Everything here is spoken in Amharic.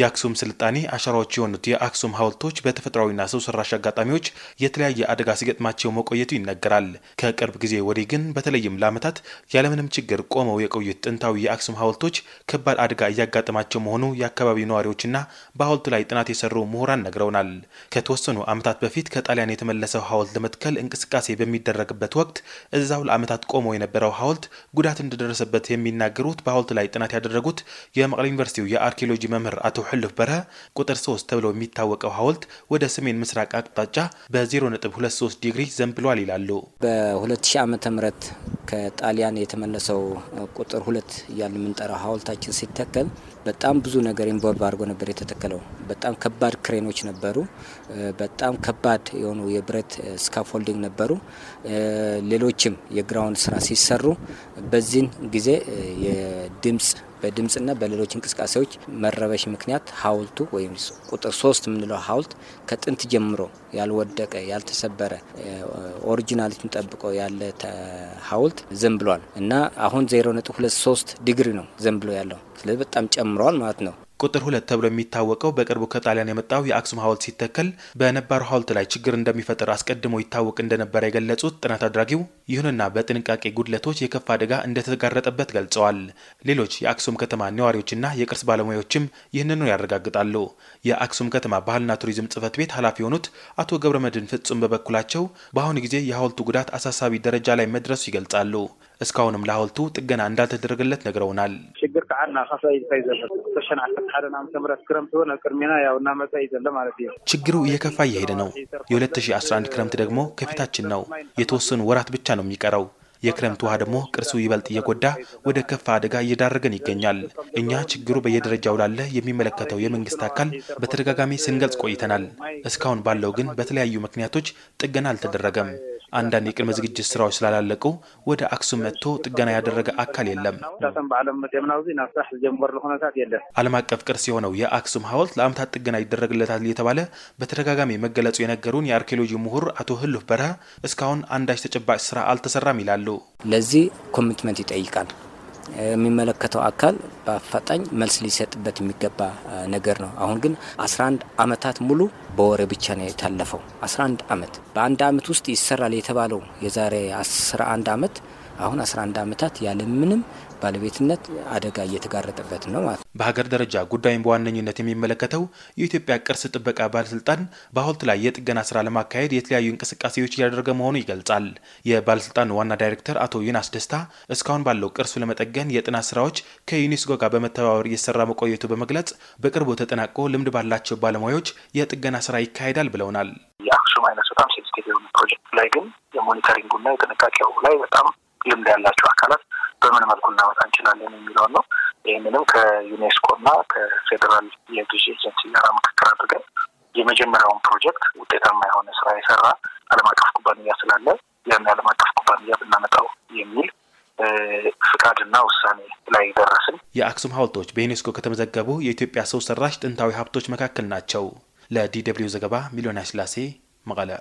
የአክሱም ስልጣኔ አሻራዎች የሆኑት የአክሱም ሐውልቶች በተፈጥሯዊና ሰው ሰራሽ አጋጣሚዎች የተለያየ አደጋ ሲገጥማቸው መቆየቱ ይነገራል። ከቅርብ ጊዜ ወዲህ ግን በተለይም ለዓመታት ያለምንም ችግር ቆመው የቆዩት ጥንታዊ የአክሱም ሐውልቶች ከባድ አደጋ እያጋጠማቸው መሆኑ የአካባቢው ነዋሪዎችና በሐውልቱ ላይ ጥናት የሰሩ ምሁራን ነግረውናል። ከተወሰኑ ዓመታት በፊት ከጣሊያን የተመለሰው ሐውልት ለመትከል እንቅስቃሴ በሚደረግበት ወቅት እዛው ለዓመታት ቆመው የነበረው ሐውልት ጉዳት እንደደረሰበት የሚናገሩት በሐውልቱ ላይ ጥናት ያደረጉት የመቀሌ ዩኒቨርሲቲው የአርኪኦሎጂ መምህር አቶ ሕልፍ በረሀ ቁጥር 3 ተብሎ የሚታወቀው ሐውልት ወደ ሰሜን ምስራቅ አቅጣጫ በ0.23 ዲግሪ ዘንብሏል ይላሉ። በ2000 ም ከጣሊያን የተመለሰው ቁጥር ሁለት እያል የምንጠራው ሀውልታችን ሲተከል በጣም ብዙ ነገር ኢንቮልቭ አድርጎ ነበር የተተከለው። በጣም ከባድ ክሬኖች ነበሩ። በጣም ከባድ የሆኑ የብረት ስካፎልዲንግ ነበሩ። ሌሎችም የግራውንድ ስራ ሲሰሩ በዚህን ጊዜ የድምፅ በድምፅና በሌሎች እንቅስቃሴዎች መረበሽ ምክንያት ሀውልቱ ወይም ቁጥር ሶስት የምንለው ሀውልት ከጥንት ጀምሮ ያልወደቀ ያልተሰበረ ኦሪጂናሊቱን ጠብቆ ያለ ሀውልት ፐርሰንት ዘንብሏል እና አሁን ዜሮ ነጥብ ሁለት ሶስት ዲግሪ ነው ዘንብሎ ያለው ስለዚህ በጣም ጨምሯል ማለት ነው። ቁጥር ሁለት ተብሎ የሚታወቀው በቅርቡ ከጣሊያን የመጣው የአክሱም ሐውልት ሲተከል በነባሩ ሐውልት ላይ ችግር እንደሚፈጠር አስቀድሞ ይታወቅ እንደነበረ የገለጹት ጥናት አድራጊው፣ ይሁንና በጥንቃቄ ጉድለቶች የከፍ አደጋ እንደተጋረጠበት ገልጸዋል። ሌሎች የአክሱም ከተማ ነዋሪዎችና የቅርስ ባለሙያዎችም ይህንኑ ያረጋግጣሉ። የአክሱም ከተማ ባህልና ቱሪዝም ጽሕፈት ቤት ኃላፊ የሆኑት አቶ ገብረመድን ፍጹም በበኩላቸው በአሁኑ ጊዜ የሐውልቱ ጉዳት አሳሳቢ ደረጃ ላይ መድረሱ ይገልጻሉ። እስካሁንም ለሐውልቱ ጥገና እንዳልተደረገለት ነግረውናል። ችግር ከዓና ካሳ ክረምት ሆነ ቅድሜና ያው እናመጣ ይዘለ ማለት እዩ። ችግሩ እየከፋ እየሄደ ነው። የ2011 ክረምት ደግሞ ከፊታችን ነው። የተወሰኑ ወራት ብቻ ነው የሚቀረው። የክረምት ውሃ ደግሞ ቅርሱ ይበልጥ እየጎዳ ወደ ከፋ አደጋ እየዳረገን ይገኛል። እኛ ችግሩ በየደረጃው ላለ የሚመለከተው የመንግስት አካል በተደጋጋሚ ስንገልጽ ቆይተናል። እስካሁን ባለው ግን በተለያዩ ምክንያቶች ጥገና አልተደረገም። አንዳንድ የቅድመ ዝግጅት ስራዎች ስላላለቁ ወደ አክሱም መጥቶ ጥገና ያደረገ አካል የለም። ዓለም አቀፍ ቅርስ የሆነው የአክሱም ሐውልት ለአመታት ጥገና ይደረግለታል እየተባለ በተደጋጋሚ መገለጹ የነገሩን የአርኪኦሎጂ ምሁር አቶ ህልፍ በረሃ እስካሁን አንዳች ተጨባጭ ስራ አልተሰራም ይላሉ። ለዚህ ኮሚትመንት ይጠይቃል። የሚመለከተው አካል በአፋጣኝ መልስ ሊሰጥበት የሚገባ ነገር ነው። አሁን ግን 11 ዓመታት ሙሉ በወሬ ብቻ ነው የታለፈው። 11 ዓመት በአንድ ዓመት ውስጥ ይሰራል የተባለው የዛሬ 11 ዓመት አሁን 11 ዓመታት ምንም ባለቤትነት አደጋ እየተጋረጠበት ነው ማለት ነው። በሀገር ደረጃ ጉዳይን በዋነኝነት የሚመለከተው የኢትዮጵያ ቅርስ ጥበቃ ባለስልጣን በሐውልት ላይ የጥገና ስራ ለማካሄድ የተለያዩ እንቅስቃሴዎች እያደረገ መሆኑ ይገልጻል። የባለስልጣኑ ዋና ዳይሬክተር አቶ ዩናስ ደስታ እስካሁን ባለው ቅርሱ ለመጠገን የጥናት ስራዎች ከዩኔስኮ ጋር በመተባበር እየሰራ መቆየቱ በመግለጽ በቅርቡ ተጠናቆ ልምድ ባላቸው ባለሙያዎች የጥገና ስራ ይካሄዳል ብለውናል። የአክሱም አይነት በጣም ሴንስቲቭ የሆነ ፕሮጀክት ላይ ግን የሞኒተሪንጉና የጥንቃቄው ላይ በጣም ልምድ ያላቸው አካላት በምን መልኩ እናወጣ እንችላለን የሚለውን ነው። ይህንንም እና ከፌዴራል የግዢ ኤጀንሲ ጋር ምክክር አድርገን የመጀመሪያውን ፕሮጀክት ውጤታማ የሆነ ስራ የሰራ አለም አቀፍ ኩባንያ ስላለ ያን አለም አቀፍ ኩባንያ ብናመጣው የሚል ፍቃድና ውሳኔ ላይ ደረስን። የአክሱም ሀውልቶች በዩኔስኮ ከተመዘገቡ የኢትዮጵያ ሰው ሰራሽ ጥንታዊ ሀብቶች መካከል ናቸው። ለዲ ደብልዩ ዘገባ ሚሊዮን ስላሴ መቀለ